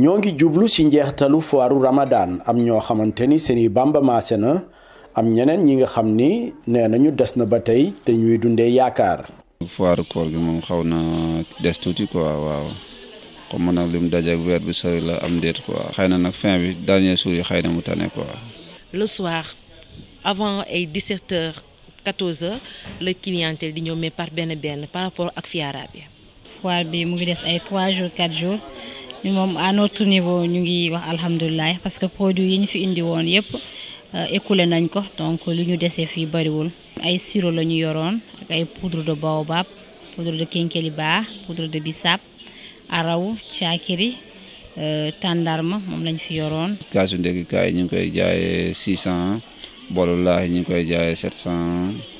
ñoo jublu ci njeextalu foiru ramadan am ñoo xamante seni bamba maase na am ñeneen ñi nga xam ni nee nañu des na ba tey te ñuy dundee yaakaar foiru koor gi moom xaw na des tuuti quoi waaw comme nag lim dajeeg weer bi sori la am déet quoi xëy na fin bi dernier jour yi xëy mu tane quoi le soir avant ay 17 heures 14 heures la clientèle di ñëw par benn benn par rapport ak fiara bi foire bi mu ngi des ay 3 jours 4 jours moom à notre niveau ñu ngi wax alhamdulilah parce que produit yi ñu fi indi woon yëpp euh, écoulé nañ ko donc li ñu dese fii bariwul. ay sirop la ñu yoroon ay poudre de baobab poudre de kénkéliba poudre de bissap araw caakiri euh, tàndarma moom lañ fi yoroon. kaasu ndékki ñu ngi koy jaayee 600 bololaahi ñu ngi koy jaayee 700.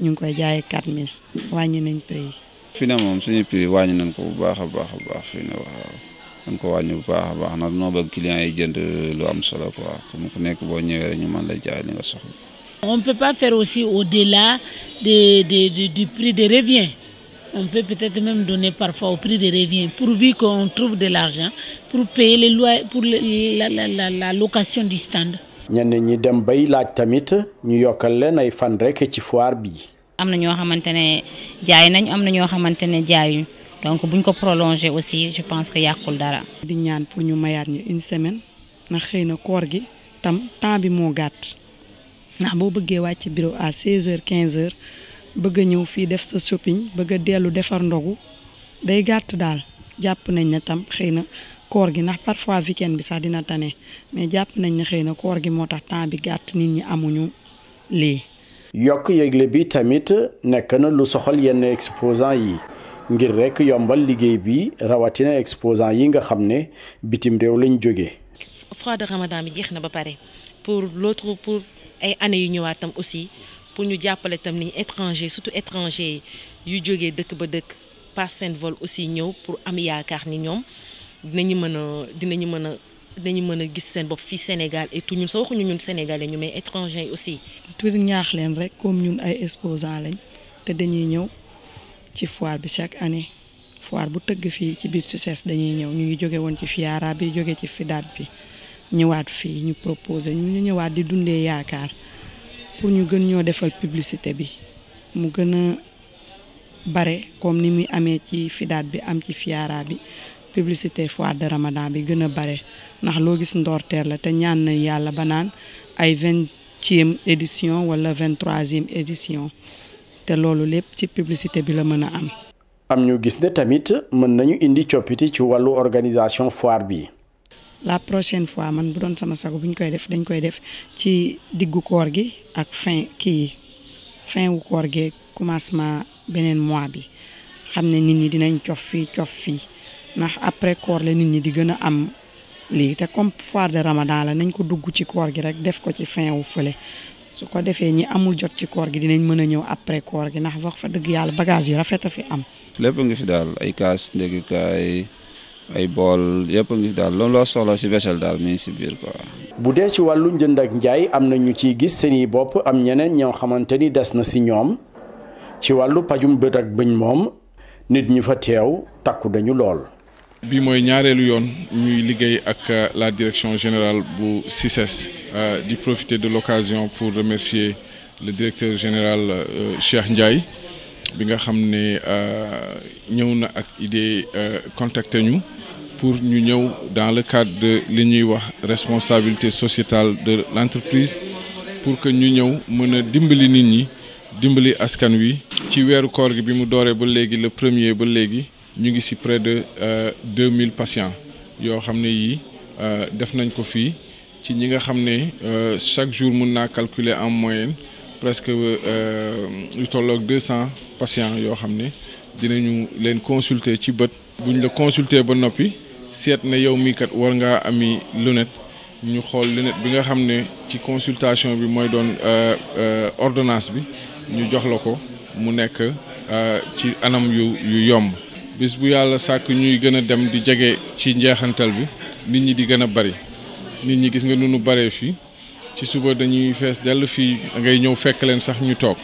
ñu ngi koy jaayee 4000 wañi nañ prix yi. fii moom suñu prix wàññi nañ ko bu baax a baax a baax fii na waaw dañ ko wàññi bu baax a baax nag noo bëgg client yi jënd lu am solo quoi comme ku nekk boo ñëwee rek ñu mën la jaay li nga soxla. on peut pas faire aussi au-delà de, de, de, du prix de revient. On peut peut-être même donner parfois au prix de revient, pourvu qu'on trouve de l'argent pour payer les lois, pour la, la, la, la location du stand. ñenn ñi dem bay laaj tamit ñu yokkal leen ay fan rek ci foire bi. am na ñoo xamante ne jaay nañ am na ñoo xamante ne jaayuñ donc buñ ko prolongé aussi je pense que yàqul dara. di ñaan pour ñu mayaat ñu une semaine na xëy na koor gi tam temps bi moo gàtt ndax boo bëggee wàcc bureau à 16h 15h bëgg a ñëw fii def sa shopping bëgg a dellu defar ndogu day gàtt daal jàpp nañ na tam xëy na. koor gi ndax parfois weekend bi sax dina tane mais jàpp nañ ne xëy na koor gi moo tax temps bi gàtt nit ñi amuñu lii. yokk yëgle bi tamit nekk na lu soxal yenn exposant yi ngir rek yombal liggéey bi rawatina exposant yi nga xam ne bitim réew lañ jóge froid de ramadan bi jeex na ba pare pour l'autre pour ay années yu ñëwaat tam aussi pour ñu jàppale tam ni étranger surtout étranger yu jógee dëkk ba dëkk pass seen vol aussi ñëw pour am yaakaar ni ñoom. dinañu mën a dinañu mën a dinañu mën a gis seen bopp fii Sénégal et tout ñun sa waxuñu ñun sénégalais ñu mais étrangers aussi. tur ñaax leen rek comme ñun ay exposants lañ te dañuy ñëw ci foire bi chaque année foire bu tëgg fii ci biir Suisse dañuy ñëw ñu ngi jóge woon ci Fiara bi jóge ci Fidaat bi ñëwaat fii ñu proposé ñu ñëwaat di dundee yaakaar pour ñu gën ñoo defal publicité bi mu gën a bare comme ni muy amee ci Fidaat bi am ci Fiara bi. publicité foire de Ramadan bi gëna baré bare ndax loo gis ndoorteel la té ñaan na yalla banan ay 20 e édition wala 23e édition té loolu lepp ci publicité bi la mëna am. am ñu gis ne tamit mën nañu indi ciopiti ci walu organisation foire bi. la prochaine fois man bu doon sama sago buñ koy def dañ koy def ci diggu koor gi ak fin ki fin wu koor gi commencement benen mois bi xamné nit ñi dinañ ciof fi ciof fi Nah, après koor la nit ñi di gëna am li te comme foire de ramadan la nañ ko dugg ci koor gi rek def ko ci fin wu feulé su ko défé ñi amul jot ci koor gi dinañ mëna ñëw après koor gi wax fa dëgg bagage yu rafet fi am. lepp nga fi dal ay kaas ndéggikaay ay bol yëpp nga fi dal loolu loo soxla si vaisselle mi ci bir bu dé ci walu ak njaay am na ñu ci gis seen yi bop am ñeneen ñoo xamanteni das na ci ñoom ci walu pajum bët ak bëñ mom nit ñi fa tew takku dañu lool. bi moy ñaarelu yoon ñuy liggéey ak euh, la direction générale bu CICES e, euh, di profiter de l'occasion pour remercier le directeur général euh, Cheikh Ndiaye bi nga xamné ne ñëw ak idée contacter ñu pour ñu ñëw dans le cadre de li ñuy wax responsabilité sociétale de l'entreprise pour que ñu ñëw mëna dimbali nit ñi dimbali askan wi ci wéru koor bi mu dooree ba le premier ba léegi ñu ngi ci près de 2000 euh, patients yoo xam ne yii euh, def nañ ko fii ci ñi nga xam ne euh, chaque jour mun naa calculer en moyenne presque lu tolloog 200 patients yoo xam ne dinañu leen consulter ci bët. buñ la consulter ba noppi seet na yow mii kat war ngaa ami lunette ñu xool lunette bi nga xam ne ci consultation bi mooy doon ordonnance bi ñu jox la ko mu nekk ci anam yu yu yomb. bis bu yàlla sàkk ñuy gën a dem di jege ci njeexantal bi nit ñi di gën a bari nit ñi gis nga nu nu baree fii ci suba dañuy fees dell fii dangay ñëw fekk leen sax ñu toog